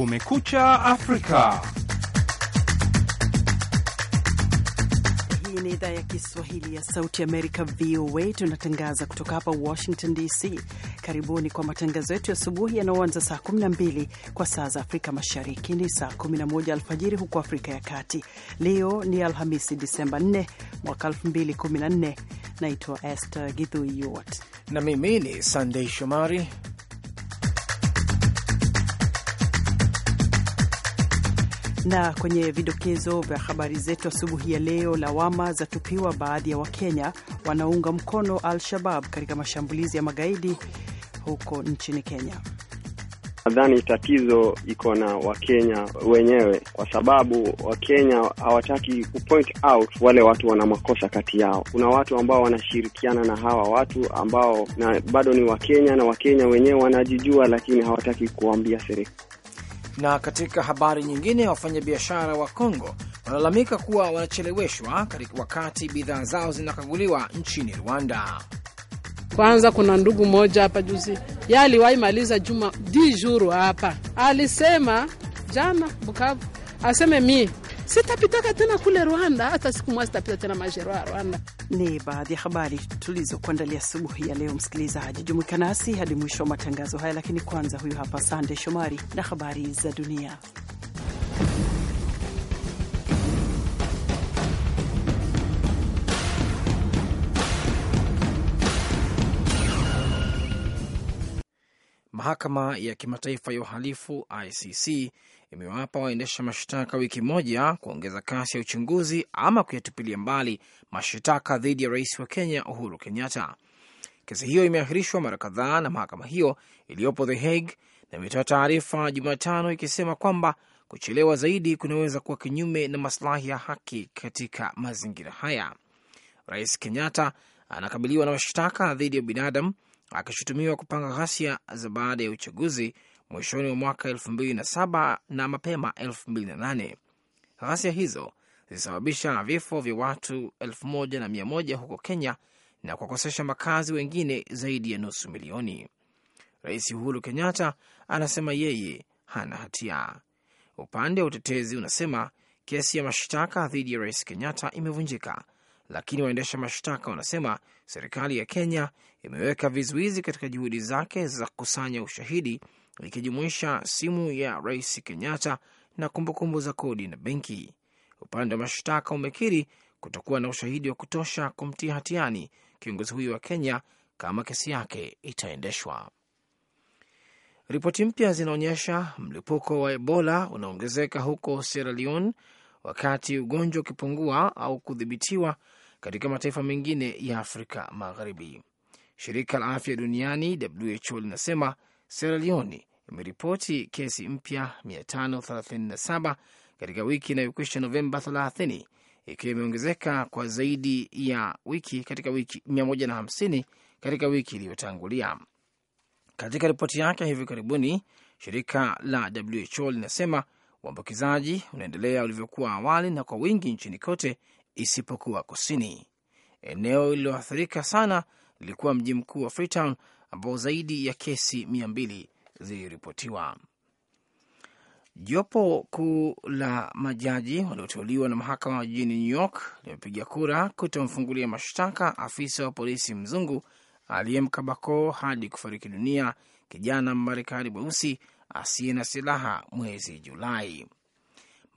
Kumekucha Afrika. Hii ni idhaa ya Kiswahili ya Sauti Amerika, VOA. Tunatangaza kutoka hapa Washington DC. Karibuni kwa matangazo yetu ya asubuhi yanayoanza saa 12 kwa saa za Afrika Mashariki, ni saa 11 alfajiri huko Afrika ya Kati. Leo ni Alhamisi, Disemba 4 mwaka 2014. Naitwa Esther Githu na mimi ni Sandei Shomari Na kwenye vidokezo vya habari zetu asubuhi ya leo, lawama zatupiwa baadhi ya Wakenya wanaunga mkono Al-Shabab katika mashambulizi ya magaidi huko nchini Kenya. Nadhani tatizo iko na Wakenya wenyewe, kwa sababu Wakenya hawataki kupoint out wale watu wana makosa kati yao. Kuna watu ambao wanashirikiana na hawa watu ambao na bado ni Wakenya na Wakenya wenyewe wanajijua, lakini hawataki kuambia serikali. Na katika habari nyingine, wafanyabiashara wa Kongo wanalalamika kuwa wanacheleweshwa wakati bidhaa zao zinakaguliwa nchini Rwanda. Kwanza kuna ndugu moja hapa juzi ya aliwahi maliza juma dijuru hapa, alisema jana Bukavu, aseme mi sitapitaka tena kule Rwanda, hata siku moja sitapita tena maeneo ya Rwanda. Ni baadhi ya habari tulizokuandalia asubuhi ya leo. Msikilizaji, jumuika nasi hadi mwisho wa matangazo haya, lakini kwanza, huyu hapa Sande Shomari na habari za dunia. Mahakama ya Kimataifa ya Uhalifu ICC imewapa waendesha mashtaka wiki moja kuongeza kasi ya uchunguzi ama kuyatupilia mbali mashtaka dhidi ya rais wa Kenya Uhuru Kenyatta. Kesi hiyo imeahirishwa mara kadhaa na mahakama hiyo iliyopo The Hague na imetoa taarifa Jumatano ikisema kwamba kuchelewa zaidi kunaweza kuwa kinyume na masilahi ya haki katika mazingira haya. Rais Kenyatta anakabiliwa na mashtaka dhidi ya binadamu akishutumiwa kupanga ghasia za baada ya uchaguzi mwishoni mwa mwaka 27 na mapema 28 Ghasia hizo zilisababisha vifo vya watu elfu huko Kenya na kuwakosesha makazi wengine zaidi ya nusu milioni. Rais Uhuru Kenyatta anasema yeye hana hatia. Upande wa utetezi unasema kesi ya mashtaka dhidi ya rais Kenyatta imevunjika lakini waendesha mashtaka wanasema serikali ya Kenya imeweka vizuizi katika juhudi zake za kukusanya ushahidi ikijumuisha simu ya Rais Kenyatta na kumbukumbu za kodi na benki. Upande wa mashtaka umekiri kutokuwa na ushahidi wa kutosha kumtia hatiani kiongozi huyo wa Kenya kama kesi yake itaendeshwa. Ripoti mpya zinaonyesha mlipuko wa Ebola unaongezeka huko Sierra Leone, wakati ugonjwa ukipungua au kudhibitiwa katika mataifa mengine ya Afrika Magharibi. Shirika la afya duniani WHO linasema Sierra Leone imeripoti kesi mpya 537 katika wiki inayokwisha Novemba 30 ikiwa imeongezeka kwa zaidi ya wiki katika wiki 150 katika wiki iliyotangulia. Katika ripoti yake hivi karibuni, shirika la WHO linasema uambukizaji unaendelea ulivyokuwa awali na kwa wingi nchini kote, isipokuwa kusini. Eneo lililoathirika sana lilikuwa mji mkuu wa Freetown ambao zaidi ya kesi mia mbili ziliripotiwa. Jopo kuu la majaji walioteuliwa na mahakama jijini New York limepiga kura kutomfungulia mashtaka afisa wa polisi mzungu aliyemkabako hadi kufariki dunia kijana Mmarekani mweusi asiye na silaha mwezi Julai.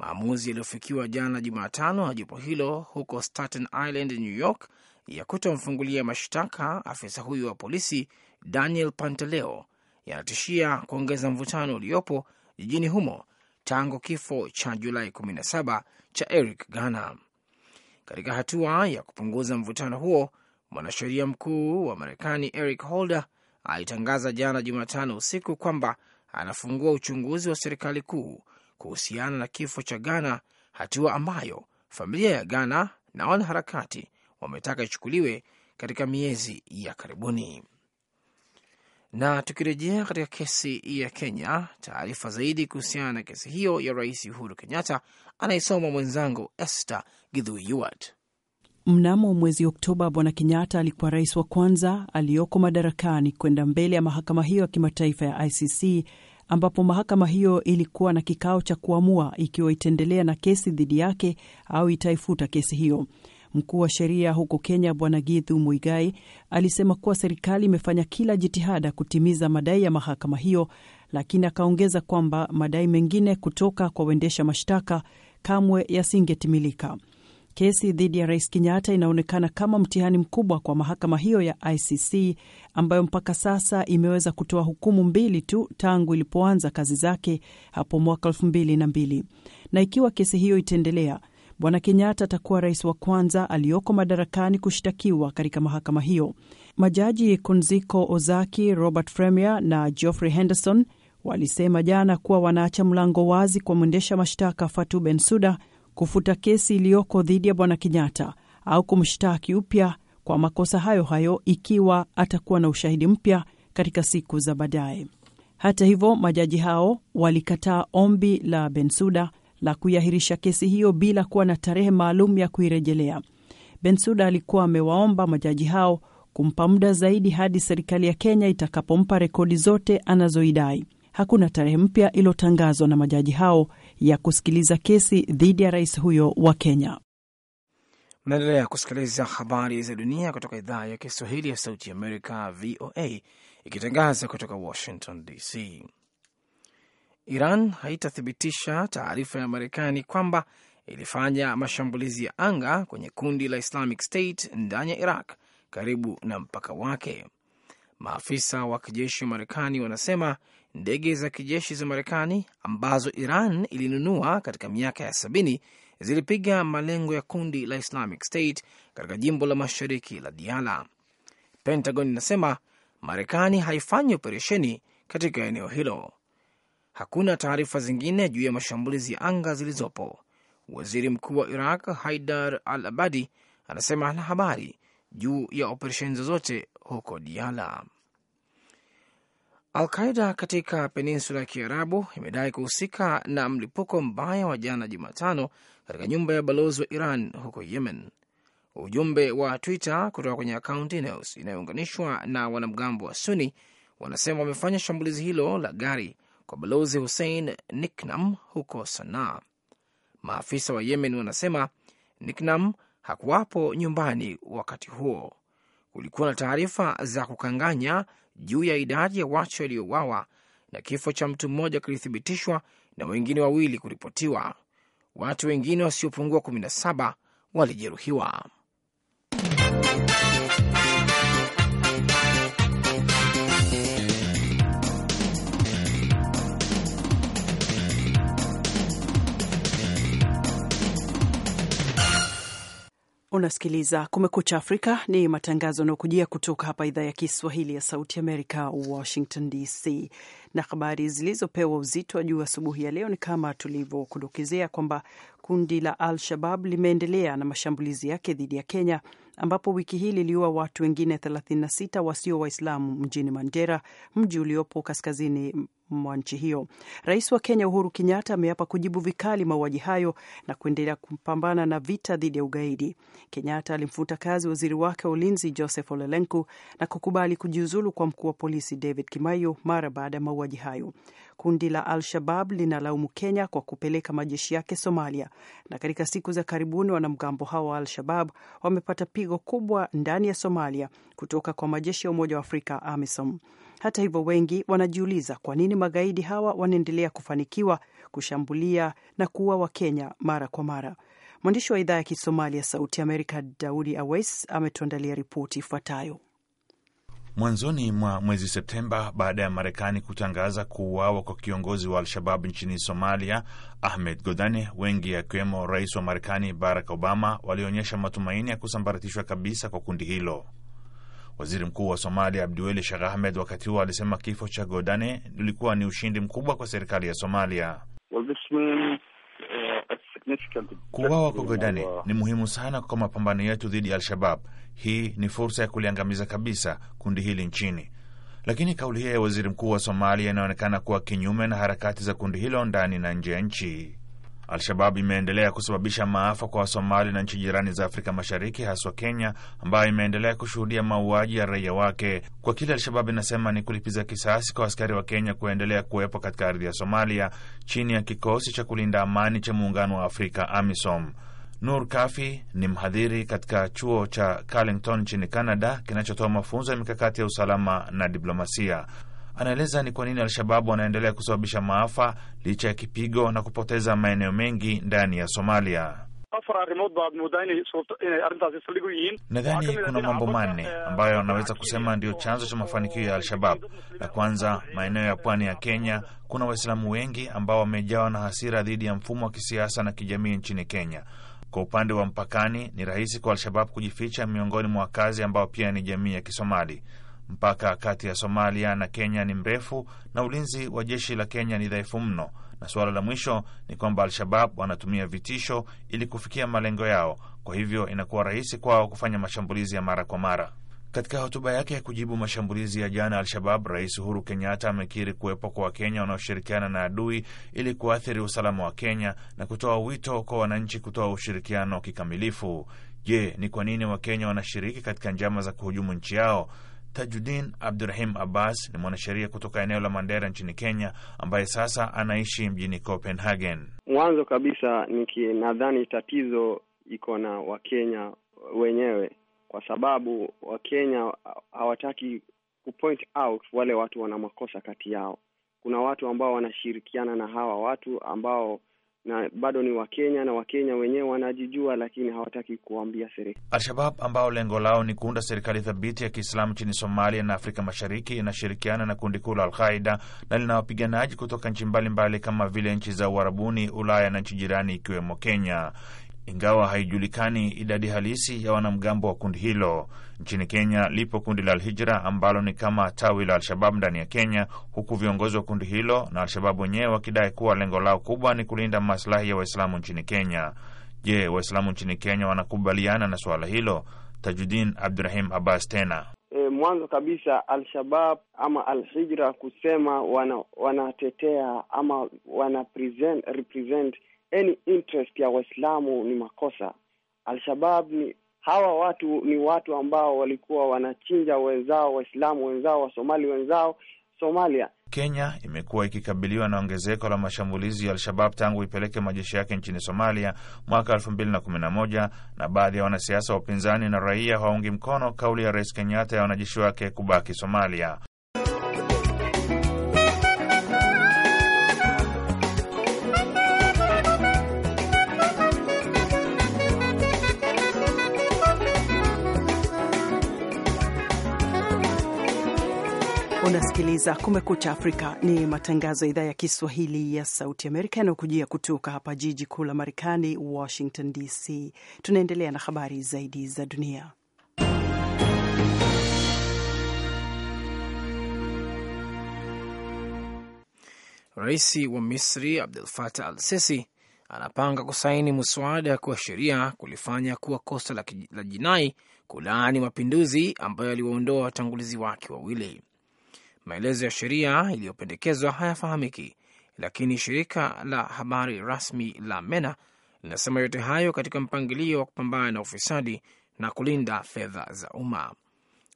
Maamuzi yaliyofikiwa jana Jumatano na jopo hilo huko Staten Island, New York, ya kutomfungulia mashtaka afisa huyo wa polisi Daniel Pantaleo yanatishia kuongeza mvutano uliopo jijini humo tangu kifo cha Julai 17 cha Eric Garner. Katika hatua ya kupunguza mvutano huo, mwanasheria mkuu wa Marekani Eric Holder alitangaza jana Jumatano usiku kwamba anafungua uchunguzi wa serikali kuu kuhusiana na kifo cha Ghana, hatua ambayo familia ya Ghana na wanaharakati wametaka ichukuliwe katika miezi ya karibuni. Na tukirejea katika kesi ya Kenya, taarifa zaidi kuhusiana na kesi hiyo ya Rais Uhuru Kenyatta anayesoma mwenzangu Esther Githui Mnamo mwezi Oktoba, Bwana Kenyatta alikuwa rais wa kwanza aliyoko madarakani kwenda mbele ya mahakama hiyo ya kimataifa ya ICC ambapo mahakama hiyo ilikuwa na kikao cha kuamua ikiwa itaendelea na kesi dhidi yake au itaifuta kesi hiyo. Mkuu wa sheria huko Kenya Bwana Githu Muigai alisema kuwa serikali imefanya kila jitihada kutimiza madai ya mahakama hiyo, lakini akaongeza kwamba madai mengine kutoka kwa waendesha mashtaka kamwe yasingetimilika. Kesi dhidi ya Rais Kenyatta inaonekana kama mtihani mkubwa kwa mahakama hiyo ya ICC ambayo mpaka sasa imeweza kutoa hukumu mbili tu tangu ilipoanza kazi zake hapo mwaka elfu mbili na mbili. Na ikiwa kesi hiyo itaendelea, Bwana Kenyatta atakuwa rais wa kwanza aliyoko madarakani kushtakiwa katika mahakama hiyo. Majaji Kunziko Ozaki, Robert Fremier na Geoffrey Henderson walisema jana kuwa wanaacha mlango wazi kwa mwendesha mashtaka Fatu Bensuda kufuta kesi iliyoko dhidi ya Bwana Kenyatta au kumshtaki upya kwa makosa hayo hayo ikiwa atakuwa na ushahidi mpya katika siku za baadaye. Hata hivyo, majaji hao walikataa ombi la Bensuda la kuiahirisha kesi hiyo bila kuwa na tarehe maalum ya kuirejelea. Bensuda alikuwa amewaomba majaji hao kumpa muda zaidi hadi serikali ya Kenya itakapompa rekodi zote anazoidai. Hakuna tarehe mpya iliyotangazwa na majaji hao ya kusikiliza kesi dhidi ya rais huyo wa Kenya. Mnaendelea kusikiliza habari za dunia kutoka idhaa ya Kiswahili ya Sauti Amerika, VOA, ikitangaza kutoka Washington DC. Iran haitathibitisha taarifa ya Marekani kwamba ilifanya mashambulizi ya anga kwenye kundi la Islamic State ndani ya Iraq karibu na mpaka wake. Maafisa wa kijeshi wa Marekani wanasema ndege za kijeshi za Marekani ambazo Iran ilinunua katika miaka ya sabini zilipiga malengo ya kundi la Islamic State katika jimbo la mashariki la diala Pentagon inasema Marekani haifanyi operesheni katika eneo hilo. Hakuna taarifa zingine juu ya mashambulizi ya anga zilizopo. Waziri mkuu wa Iraq Haidar al Abadi anasema ana habari juu ya operesheni zozote huko Diala. Alqaida katika peninsula ya Kiarabu imedai kuhusika na mlipuko mbaya wa jana Jumatano katika nyumba ya balozi wa Iran huko Yemen. Ujumbe wa Twitter kutoka kwenye akaunti inayounganishwa na wanamgambo wa Suni wanasema wamefanya shambulizi hilo la gari kwa balozi Hussein Niknam huko Sanaa. Maafisa wa Yemen wanasema Niknam hakuwapo nyumbani wakati huo. Kulikuwa na taarifa za kukanganya juu ya idadi ya watu waliouawa na kifo cha mtu mmoja kilithibitishwa na wengine wawili kuripotiwa. Watu wengine wasiopungua 17 walijeruhiwa. Unasikiliza Kumekucha Afrika, ni matangazo yanayokujia kutoka hapa idhaa ya Kiswahili ya Sauti Amerika, Washington DC. Na habari zilizopewa uzito wa juu asubuhi ya leo ni kama tulivyokudokezea kwamba kundi la Al Shabab limeendelea na mashambulizi yake dhidi ya Kenya ambapo wiki hii liliua watu wengine 36 wasio Waislamu mjini Mandera, mji uliopo kaskazini mwa nchi hiyo. Rais wa Kenya Uhuru Kenyatta ameapa kujibu vikali mauaji hayo na kuendelea kupambana na vita dhidi ya ugaidi. Kenyatta alimfuta kazi waziri wake wa ulinzi Joseph Olelenku na kukubali kujiuzulu kwa mkuu wa polisi David kimayo mara baada ya mauaji hayo. Kundi la Al-Shabab linalaumu Kenya kwa kupeleka majeshi yake Somalia, na katika siku za karibuni wanamgambo hao wa Al-Shabab wamepata pigo kubwa ndani ya Somalia kutoka kwa majeshi ya Umoja wa Afrika, AMISOM. Hata hivyo, wengi wanajiuliza kwa nini magaidi hawa wanaendelea kufanikiwa kushambulia na kuua Wakenya mara kwa mara. Mwandishi wa idhaa ya Kisomalia, Sauti Amerika, Daudi Awais, ametuandalia ripoti ifuatayo mwanzoni mwa mwezi Septemba baada ya Marekani kutangaza kuuawa kwa kiongozi wa Al-Shabab nchini Somalia, Ahmed Godane, wengi akiwemo rais wa Marekani Barack Obama walionyesha matumaini ya kusambaratishwa kabisa kwa kundi hilo. Waziri Mkuu wa Somalia Abdiweli Sheikh Ahmed wakati huo alisema kifo cha Godane ulikuwa ni ushindi mkubwa kwa serikali ya Somalia. well, Kuwawa kwa Godani ni muhimu sana kwa mapambano yetu dhidi ya Al-Shabab. Hii ni fursa ya kuliangamiza kabisa kundi hili nchini, lakini kauli hiyo ya waziri mkuu wa Somalia inaonekana kuwa kinyume na harakati za kundi hilo ndani na nje ya nchi. Al-Shabab imeendelea kusababisha maafa kwa Wasomali na nchi jirani za Afrika Mashariki, haswa Kenya, ambayo imeendelea kushuhudia mauaji ya raia wake kwa kile Al-Shabab inasema ni kulipiza kisasi kwa askari wa Kenya kuendelea kuwepo katika ardhi ya Somalia chini ya kikosi cha kulinda amani cha Muungano wa Afrika, AMISOM. Nur Kafi ni mhadhiri katika chuo cha carlington nchini Canada kinachotoa mafunzo ya mikakati ya usalama na diplomasia. Anaeleza ni kwa nini Al-Shababu wanaendelea kusababisha maafa licha ya kipigo na kupoteza maeneo mengi ndani ya Somalia. Nadhani kuna mambo manne ambayo anaweza kusema ndiyo chanzo cha mafanikio ya Al-Shabab. La kwanza, maeneo ya pwani ya Kenya kuna Waislamu wengi ambao wamejawa na hasira dhidi ya mfumo wa kisiasa na kijamii nchini Kenya. Kwa upande wa mpakani, ni rahisi kwa Al-Shabab kujificha miongoni mwa wakazi ambao pia ni jamii ya Kisomali. Mpaka kati ya Somalia na Kenya ni mrefu na ulinzi wa jeshi la Kenya ni dhaifu mno. Na suala la mwisho ni kwamba Al-Shabab wanatumia vitisho ili kufikia malengo yao, kwa hivyo inakuwa rahisi kwao kufanya mashambulizi ya mara kwa mara. Katika hotuba yake ya kujibu mashambulizi ya jana Al-Shabab, Rais Uhuru Kenyatta amekiri kuwepo kwa Wakenya wanaoshirikiana na adui ili kuathiri usalama wa Kenya na kutoa wito kwa wananchi kutoa ushirikiano kikamilifu. Je, ni kwa nini Wakenya wanashiriki katika njama za kuhujumu nchi yao? Tajudin Abdurahim Abbas ni mwanasheria kutoka eneo la Mandera nchini Kenya, ambaye sasa anaishi mjini Copenhagen. Mwanzo kabisa, nikinadhani tatizo iko na Wakenya wenyewe, kwa sababu Wakenya hawataki kupoint out wale watu wana makosa kati yao. Kuna watu ambao wanashirikiana na hawa watu ambao na bado ni Wakenya na Wakenya wenyewe wanajijua, lakini hawataki kuwaambia serikali. Al-Shabab ambao lengo lao ni kuunda serikali thabiti ya Kiislamu nchini Somalia na Afrika Mashariki inashirikiana na kundi kuu la Al-Qaida na lina wapiganaji kutoka nchi mbalimbali kama vile nchi za Uarabuni, Ulaya na nchi jirani ikiwemo Kenya, ingawa haijulikani idadi halisi ya wanamgambo wa kundi hilo. Nchini Kenya lipo kundi la Alhijra ambalo ni kama tawi la Al-Shabab ndani ya Kenya, huku viongozi wa kundi hilo na al wenyewe wakidai kuwa lengo lao kubwa ni kulinda maslahi ya Waislamu nchini Kenya. Je, Waislamu nchini Kenya wanakubaliana na suala hilo? Tajudin Abdurahim Abbas tena E, mwanzo kabisa alshabab ama alhijra kusema kusema wana, wanatetea ama wana present, represent any interest ya Waislamu ni makosa. Alshabab ni hawa watu ni watu ambao walikuwa wanachinja wenzao Waislamu wenzao Wasomali wenzao Somalia. Kenya imekuwa ikikabiliwa na ongezeko la mashambulizi ya Al-Shabab tangu ipeleke majeshi yake nchini Somalia mwaka 2011 na baadhi ya wanasiasa wa upinzani na raia hawaungi mkono kauli ya Rais Kenyatta ya wanajeshi wake kubaki Somalia. Unasikiliza Kumekucha Afrika, ni matangazo ya idhaa ya Kiswahili ya Sauti Amerika yanayokujia kutoka hapa jiji kuu la Marekani, Washington DC. Tunaendelea na habari zaidi za dunia. Rais wa Misri abdul Fatah al Sisi anapanga kusaini mswada kuwa sheria kulifanya kuwa kosa la jinai kulaani mapinduzi ambayo aliwaondoa watangulizi wake wawili. Maelezo ya sheria iliyopendekezwa hayafahamiki, lakini shirika la habari rasmi la MENA linasema yote hayo katika mpangilio wa kupambana na ufisadi na kulinda fedha za umma.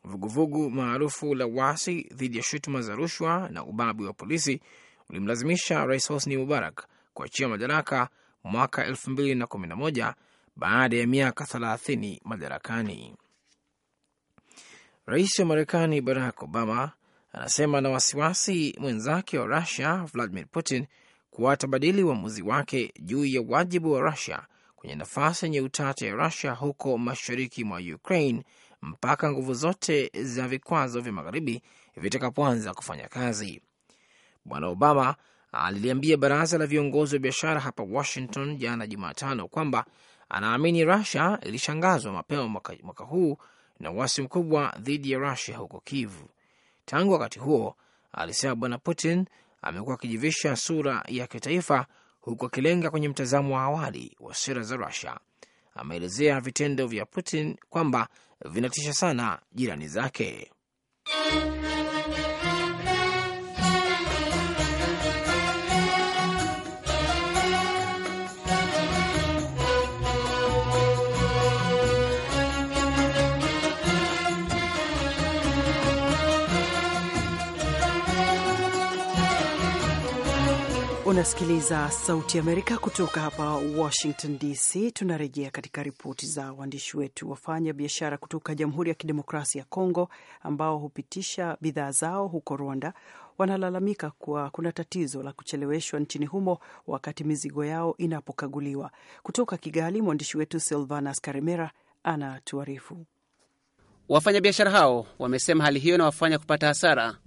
Vuguvugu maarufu la wasi dhidi ya shutuma za rushwa na ubabi wa polisi ulimlazimisha Rais Hosni Mubarak kuachia madaraka mwaka elfu baada ya miaka 30 madarakani. Rais wa Marekani Barack Obama anasema na wasiwasi mwenzake wa Rusia Vladimir Putin kuwa atabadili uamuzi wa wake juu ya wajibu wa Rusia kwenye nafasi yenye utata ya Rusia huko mashariki mwa Ukraine mpaka nguvu zote za vikwazo vya magharibi vitakapoanza kufanya kazi. Bwana Obama aliliambia baraza la viongozi wa biashara hapa Washington jana Jumatano kwamba anaamini Rusia ilishangazwa mapema mwaka huu na uasi mkubwa dhidi ya Rusia huko kivu Tangu wakati huo, alisema Bwana Putin amekuwa akijivisha sura ya kitaifa huku akilenga kwenye mtazamo wa awali wa sera za Rusia. Ameelezea vitendo vya Putin kwamba vinatisha sana jirani zake. Unasikiliza Sauti ya Amerika kutoka hapa Washington DC. Tunarejea katika ripoti za waandishi wetu. Wafanya biashara kutoka Jamhuri ya Kidemokrasia ya Kongo ambao hupitisha bidhaa zao huko Rwanda wanalalamika kuwa kuna tatizo la kucheleweshwa nchini humo wakati mizigo yao inapokaguliwa. Kutoka Kigali, mwandishi wetu Silvanas Karemera anatuarifu. Wafanyabiashara hao wamesema hali hiyo inawafanya kupata hasara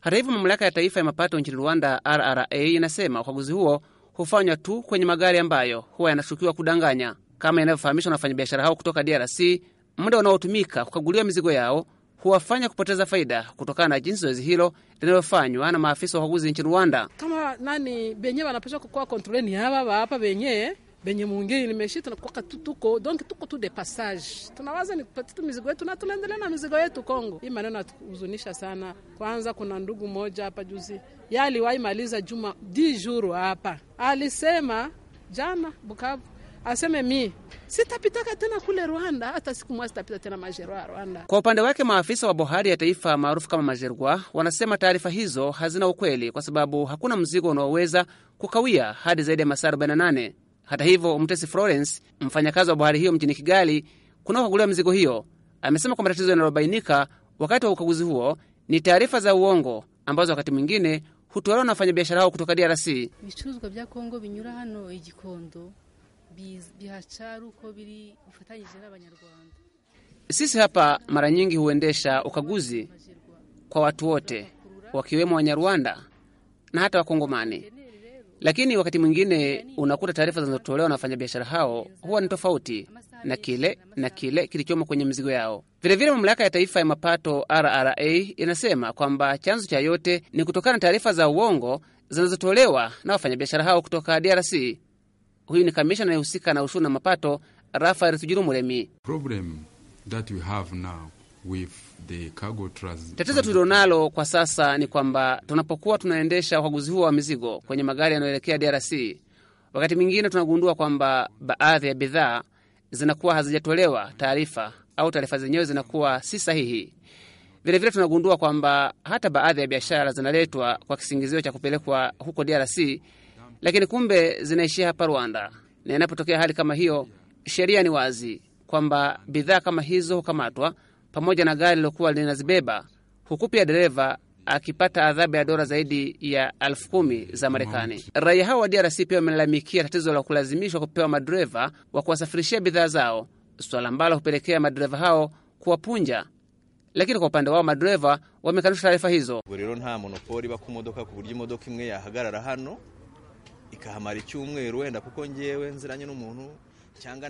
hata hivyo, mamlaka ya taifa ya mapato nchini Rwanda, RRA, inasema ukaguzi huo hufanywa tu kwenye magari ambayo huwa yanashukiwa kudanganya, kama inavyofahamishwa na wafanyabiashara hao kutoka DRC. Muda unaotumika kukaguliwa mizigo yao huwafanya kupoteza faida kutokana na jinsi zoezi hilo linalofanywa na maafisa wa ukaguzi nchini Rwanda. Kama nani benye wanapaswa kukoa kontroleni hawa hapa benye benye mwingine nimeshita nakuaka tuko donc tuko tu de passage, tunawaza ni kupatia tu mizigo yetu na tunaendelea na mizigo yetu Kongo. Hii maneno huzunisha sana. Kwanza kuna ndugu moja hapa juzi yaliwahi maliza juma di juru hapa, alisema jana Bukavu aseme mi sitapitaka tena kule Rwanda, hata siku moja sitapita tena majerwa ya Rwanda. Kwa upande wake, maafisa wa bohari ya taifa maarufu kama majerwa wanasema taarifa hizo hazina ukweli, kwa sababu hakuna mzigo unaoweza kukawia hadi zaidi ya masaa 48. Hata hivyo, Mtesi Florence, mfanyakazi wa bohari hiyo mjini Kigali kunakokaguliwa mizigo hiyo, amesema kwamba tatizo linalobainika wakati wa ukaguzi huo ni taarifa za uongo ambazo wakati mwingine hutolewa na wafanyabiashara hao kutoka DRC. Sisi hapa mara nyingi huendesha ukaguzi kwa watu wote wakiwemo Wanyarwanda na hata Wakongomani. Lakini wakati mwingine unakuta taarifa zinazotolewa na wafanyabiashara hao huwa ni tofauti na kile na kile kilichomo kwenye mzigo yao. Vilevile, mamlaka ya taifa ya mapato RRA inasema kwamba chanzo cha yote ni kutokana na taarifa za uongo zinazotolewa na wafanyabiashara hao kutoka DRC. Huyu ni kamishna anayehusika na ushuru na mapato Rafael Tujilumuremi. Tatizo tulilonalo kwa sasa ni kwamba tunapokuwa tunaendesha ukaguzi huo wa mizigo kwenye magari yanayoelekea DRC, wakati mwingine tunagundua kwamba baadhi ya bidhaa zinakuwa hazijatolewa taarifa au taarifa zenyewe zinakuwa si sahihi. Vilevile vile tunagundua kwamba hata baadhi ya biashara zinaletwa kwa kisingizio cha kupelekwa huko DRC, lakini kumbe zinaishia hapa Rwanda. Na inapotokea hali kama hiyo, sheria ni wazi kwamba bidhaa kama hizo hukamatwa pamoja na gari lilokuwa linazibeba, huku pia dereva akipata adhabu ya dola zaidi ya elfu kumi za Marekani. Raia hao wa DRC pia wamelalamikia tatizo la kulazimishwa kupewa madereva wa kuwasafirishia bidhaa zao, swala ambalo hupelekea madereva hao kuwapunja. Lakini kwa upande wao madereva wamekanusha taarifa hizo. rero nta monopoli ba modoka ku buryo imodoka imwe yahagarara hano ikahamara icyumweru wenda kuko njyewe nziranye n'umuntu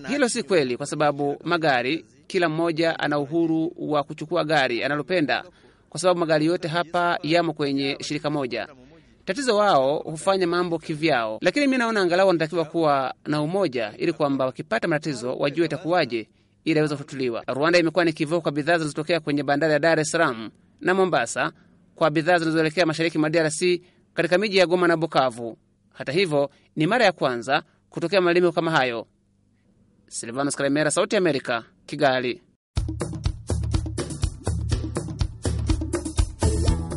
hilo si kweli, kwa sababu magari, kila mmoja ana uhuru wa kuchukua gari analopenda, kwa sababu magari yote hapa yamo kwenye shirika moja. Tatizo wao hufanya mambo kivyao, lakini mi naona angalau wanatakiwa kuwa na umoja, ili kwamba wakipata matatizo wajue itakuwaje ili aweze kutatuliwa. Rwanda imekuwa ni kivoo kwa bidhaa zinazotokea kwenye bandari ya Dar es Salaam na Mombasa kwa bidhaa zinazoelekea mashariki mwa DRC katika miji ya Goma na Bukavu. Hata hivyo, ni mara ya kwanza kutokea malimio kama hayo. Silvanus Karemera, Sauti ya Amerika, Kigali.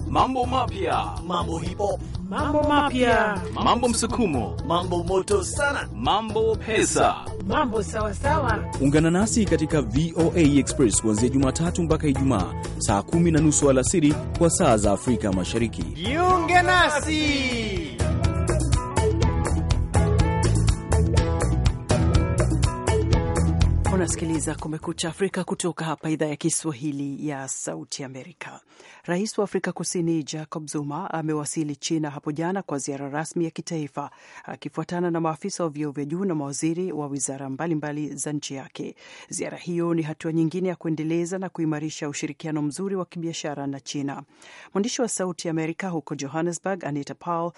Mambo mapya, mambo hipo, mambo mapya, mambo msukumo, mambo moto sana, mambo pesa, mambo sawasawa. Ungana nasi katika VOA Express kuanzia Jumatatu mpaka Ijumaa saa kumi na nusu alasiri kwa saa za Afrika Mashariki. Jiunge nasi. Unasikiliza Kumekucha Afrika kutoka hapa idhaa ya Kiswahili ya Sauti Amerika. Rais wa Afrika Kusini Jacob Zuma amewasili China hapo jana kwa ziara rasmi ya kitaifa, akifuatana na maafisa wa vyeo vya juu na mawaziri wa wizara mbalimbali za nchi yake. Ziara hiyo ni hatua nyingine ya kuendeleza na kuimarisha ushirikiano mzuri wa kibiashara na China. Mwandishi wa Sauti Amerika huko Johannesburg, Anita Powell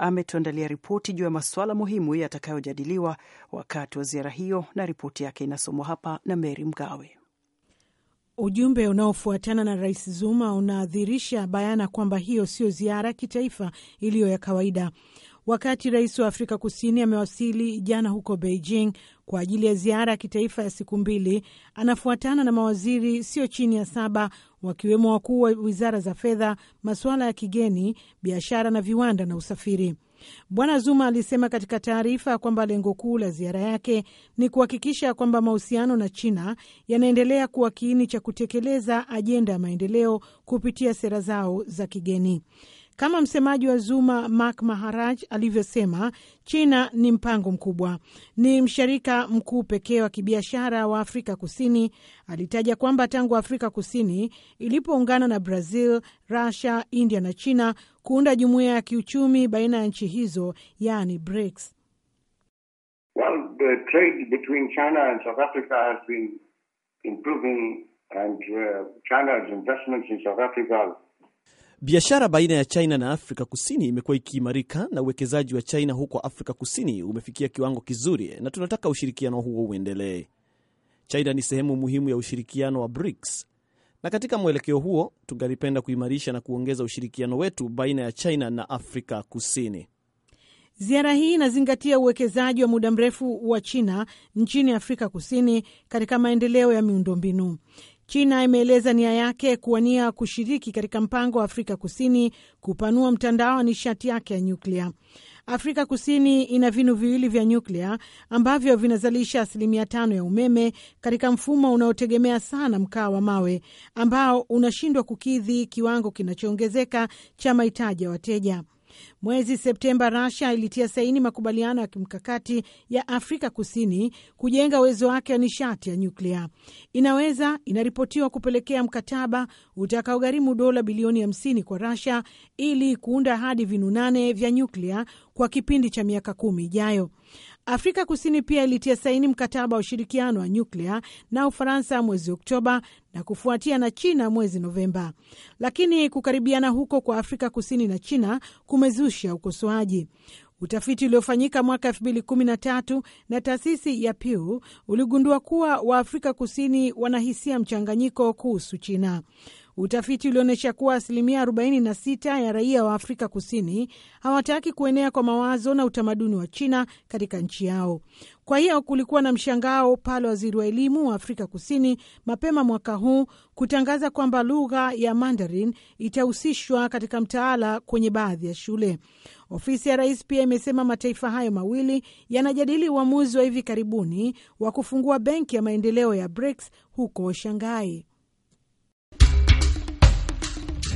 ametuandalia ripoti juu ya masuala muhimu yatakayojadiliwa wakati wa ziara hiyo, na ripoti yake inasomwa hapa na Meri Mgawe. Ujumbe unaofuatana na Rais Zuma unaadhirisha bayana kwamba hiyo sio ziara ya kitaifa iliyo ya kawaida. Wakati rais wa Afrika Kusini amewasili jana huko Beijing kwa ajili ya ziara ya kitaifa ya siku mbili, anafuatana na mawaziri sio chini ya saba wakiwemo wakuu wa wizara za fedha, masuala ya kigeni, biashara na viwanda na usafiri. Bwana Zuma alisema katika taarifa kwamba lengo kuu la ziara yake ni kuhakikisha kwamba mahusiano na China yanaendelea kuwa kiini cha kutekeleza ajenda ya maendeleo kupitia sera zao za kigeni. Kama msemaji wa Zuma Mak Maharaj alivyosema, China ni mpango mkubwa, ni mshirika mkuu pekee wa kibiashara wa Afrika Kusini. Alitaja kwamba tangu Afrika Kusini ilipoungana na Brazil, Rusia, India na China kuunda jumuiya ya kiuchumi baina ya nchi hizo, yaani BRICS. Well, the trade between China and South Africa has been improving and uh, China's investments in South Africa Biashara baina ya China na Afrika Kusini imekuwa ikiimarika na uwekezaji wa China huko Afrika Kusini umefikia kiwango kizuri na tunataka ushirikiano huo uendelee. China ni sehemu muhimu ya ushirikiano wa BRICS, na katika mwelekeo huo tungalipenda kuimarisha na kuongeza ushirikiano wetu baina ya China na Afrika Kusini. Ziara hii inazingatia uwekezaji wa muda mrefu wa China nchini Afrika Kusini katika maendeleo ya miundombinu. China imeeleza nia yake kuwania kushiriki katika mpango wa Afrika Kusini kupanua mtandao wa nishati yake ya nyuklia. Afrika Kusini ina vinu viwili vya nyuklia ambavyo vinazalisha asilimia tano ya umeme katika mfumo unaotegemea sana mkaa wa mawe ambao unashindwa kukidhi kiwango kinachoongezeka cha mahitaji ya wateja. Mwezi Septemba, Russia ilitia saini makubaliano ya kimkakati ya Afrika Kusini kujenga uwezo wake wa nishati ya nyuklia. Inaweza inaripotiwa kupelekea mkataba utakaogharimu dola bilioni 50 kwa Russia ili kuunda hadi vinu nane vya nyuklia kwa kipindi cha miaka kumi ijayo. Afrika Kusini pia ilitia saini mkataba wa ushirikiano wa nyuklia na Ufaransa mwezi Oktoba na kufuatia na China mwezi Novemba, lakini kukaribiana huko kwa Afrika Kusini na China kumezusha ukosoaji. Utafiti uliofanyika mwaka 2013 na taasisi ya Pew uligundua kuwa Waafrika Kusini wanahisia mchanganyiko kuhusu China. Utafiti ulionyesha kuwa asilimia 46 ya raia wa Afrika Kusini hawataki kuenea kwa mawazo na utamaduni wa China katika nchi yao. Kwa hiyo kulikuwa na mshangao pale waziri wa elimu wa Afrika Kusini mapema mwaka huu kutangaza kwamba lugha ya Mandarin itahusishwa katika mtaala kwenye baadhi ya shule. Ofisi ya rais pia imesema mataifa hayo mawili yanajadili uamuzi wa hivi karibuni wa kufungua benki ya maendeleo ya BRICS huko Shanghai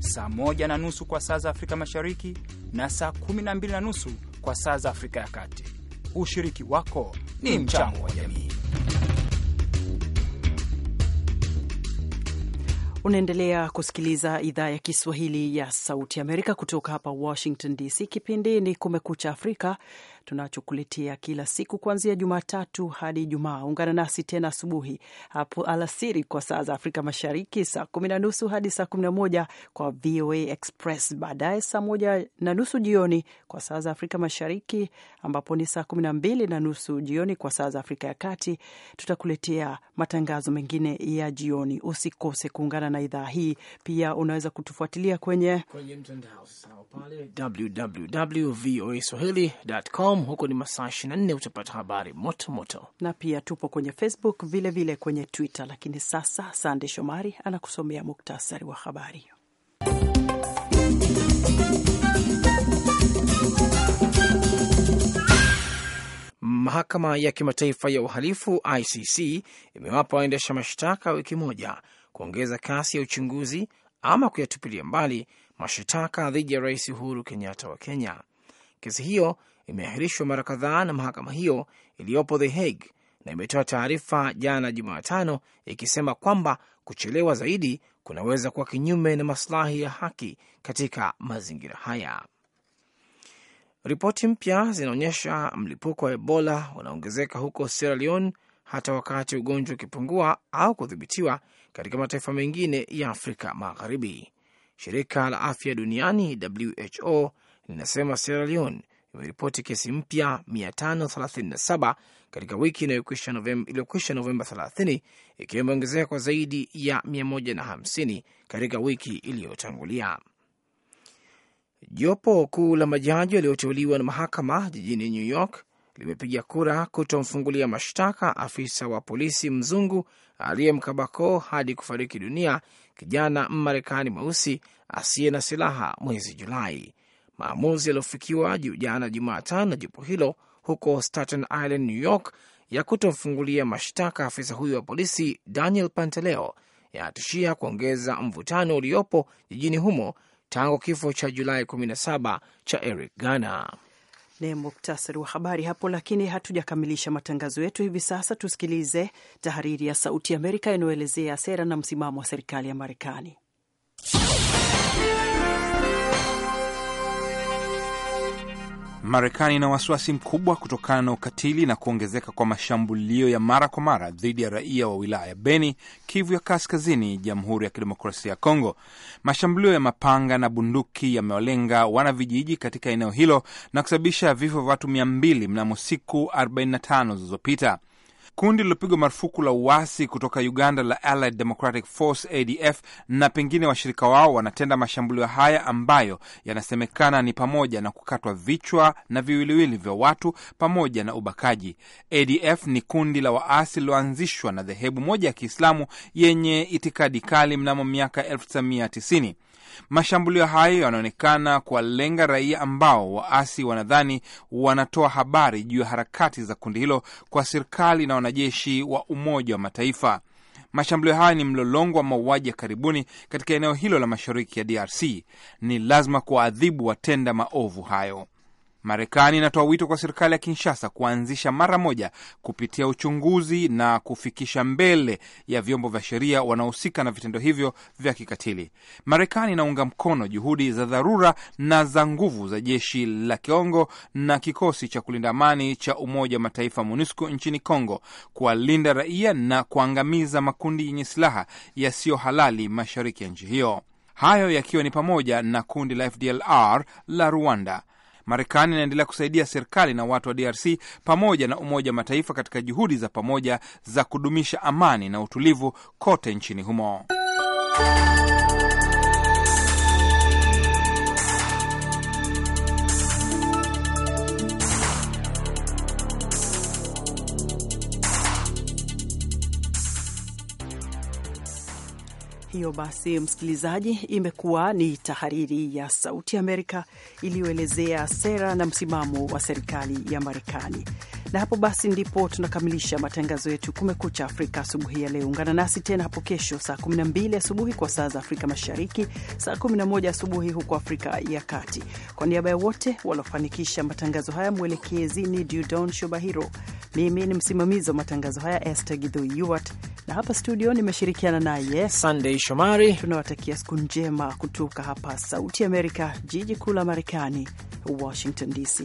saa moja na nusu kwa saa za Afrika Mashariki na saa kumi na mbili na nusu kwa saa za Afrika ya Kati. Ushiriki wako ni mchango wa jamii. Unaendelea kusikiliza idhaa ya Kiswahili ya Sauti Amerika kutoka hapa Washington DC. Kipindi ni Kumekucha Afrika tunachokuletea kila siku kuanzia Jumatatu hadi Ijumaa. Ungana nasi tena asubuhi hapo alasiri kwa saa za Afrika Mashariki, saa kumi na nusu hadi saa kumi na moja kwa VOA Express, baadaye saa moja na nusu jioni kwa saa za Afrika Mashariki, ambapo ni saa kumi na mbili na nusu jioni kwa saa za Afrika ya Kati. Tutakuletea matangazo mengine ya jioni, usikose kuungana na idhaa hii. Pia unaweza kutufuatilia kwenye, kwenye mtandao com. Huko ni masaa 24 utapata habari moto moto, na pia tupo kwenye Facebook vilevile vile kwenye Twitter. Lakini sasa Sande Shomari anakusomea muktasari wa habari. Mahakama ya Kimataifa ya Uhalifu ICC imewapa waendesha mashtaka wiki moja kuongeza kasi ya uchunguzi ama kuyatupilia mbali mashtaka dhidi ya Rais Uhuru Kenyatta wa Kenya. Kesi hiyo imeahirishwa mara kadhaa na mahakama hiyo iliyopo The Hague na imetoa taarifa jana Jumatano ikisema kwamba kuchelewa zaidi kunaweza kuwa kinyume na masilahi ya haki katika mazingira haya. Ripoti mpya zinaonyesha mlipuko wa Ebola unaongezeka huko Sierra Leone hata wakati ugonjwa ukipungua au kudhibitiwa katika mataifa mengine ya Afrika Magharibi. Shirika la Afya Duniani, WHO, linasema Sierra Leone imeripoti kesi mpya 537 katika wiki iliyokwisha Novemba 30 ikiwa imeongezeka kwa zaidi ya 150 katika wiki iliyotangulia. Jopo kuu la majaji walioteuliwa na mahakama jijini New York limepiga kura kutomfungulia mashtaka afisa wa polisi mzungu aliyemkabako hadi kufariki dunia kijana Mmarekani mweusi asiye na silaha mwezi Julai maamuzi yaliyofikiwa jana Jumatano na jopo hilo huko Staten Island, New York, ya kutomfungulia mashtaka afisa huyo wa polisi Daniel Pantaleo yanatishia kuongeza mvutano uliopo jijini humo tangu kifo cha Julai 17 cha Eric Garner. Ni muktasari wa habari hapo, lakini hatujakamilisha matangazo yetu hivi sasa. Tusikilize tahariri ya Sauti ya Amerika inayoelezea sera na msimamo wa serikali ya Marekani. Marekani ina wasiwasi mkubwa kutokana na ukatili na kuongezeka kwa mashambulio ya mara kwa mara dhidi ya raia wa wilaya ya Beni, Kivu ya Kaskazini, Jamhuri ya Kidemokrasia ya Kongo. Mashambulio ya mapanga na bunduki yamewalenga wanavijiji katika eneo hilo na kusababisha vifo vya watu mia mbili mnamo siku 45 zilizopita. Kundi lilopigwa marufuku la uasi kutoka Uganda la Allied Democratic Force ADF na pengine washirika wao wanatenda mashambulio haya ambayo yanasemekana ni pamoja na kukatwa vichwa na viwiliwili vya watu pamoja na ubakaji. ADF ni kundi la waasi lililoanzishwa na dhehebu moja ya Kiislamu yenye itikadi kali mnamo miaka 1990. Mashambulio hayo yanaonekana kuwalenga raia ambao waasi wanadhani wanatoa habari juu ya harakati za kundi hilo kwa serikali na wanajeshi wa Umoja wa Mataifa. Mashambulio haya ni mlolongo wa mauaji ya karibuni katika eneo hilo la mashariki ya DRC. Ni lazima kuwaadhibu watenda maovu hayo. Marekani inatoa wito kwa serikali ya Kinshasa kuanzisha mara moja kupitia uchunguzi na kufikisha mbele ya vyombo vya sheria wanaohusika na vitendo hivyo vya kikatili. Marekani inaunga mkono juhudi za dharura na za nguvu za jeshi la Kongo na kikosi cha kulinda amani cha Umoja wa Mataifa MONUSCO nchini Kongo kuwalinda raia na kuangamiza makundi yenye silaha yasiyo halali mashariki ya nchi hiyo, hayo yakiwa ni pamoja na kundi la FDLR la Rwanda. Marekani inaendelea kusaidia serikali na watu wa DRC pamoja na Umoja wa Mataifa katika juhudi za pamoja za kudumisha amani na utulivu kote nchini humo. hiyo basi, msikilizaji, imekuwa ni tahariri ya Sauti ya Amerika iliyoelezea sera na msimamo wa serikali ya Marekani. Na hapo basi ndipo tunakamilisha matangazo yetu Kumekucha Afrika asubuhi ya leo. Ungana nasi tena hapo kesho saa 12 asubuhi kwa saa za Afrika Mashariki, saa 11 asubuhi huko Afrika ya Kati. Kwa niaba ya wote waliofanikisha matangazo haya, mwelekezi ni Dudon Shobahiro. Mimi ni msimamizi wa matangazo haya Esther gidhu Yuart, na hapa studio nimeshirikiana naye sandey Shomari. Tunawatakia siku njema kutoka hapa Sauti Amerika, jiji kuu la Marekani, Washington DC.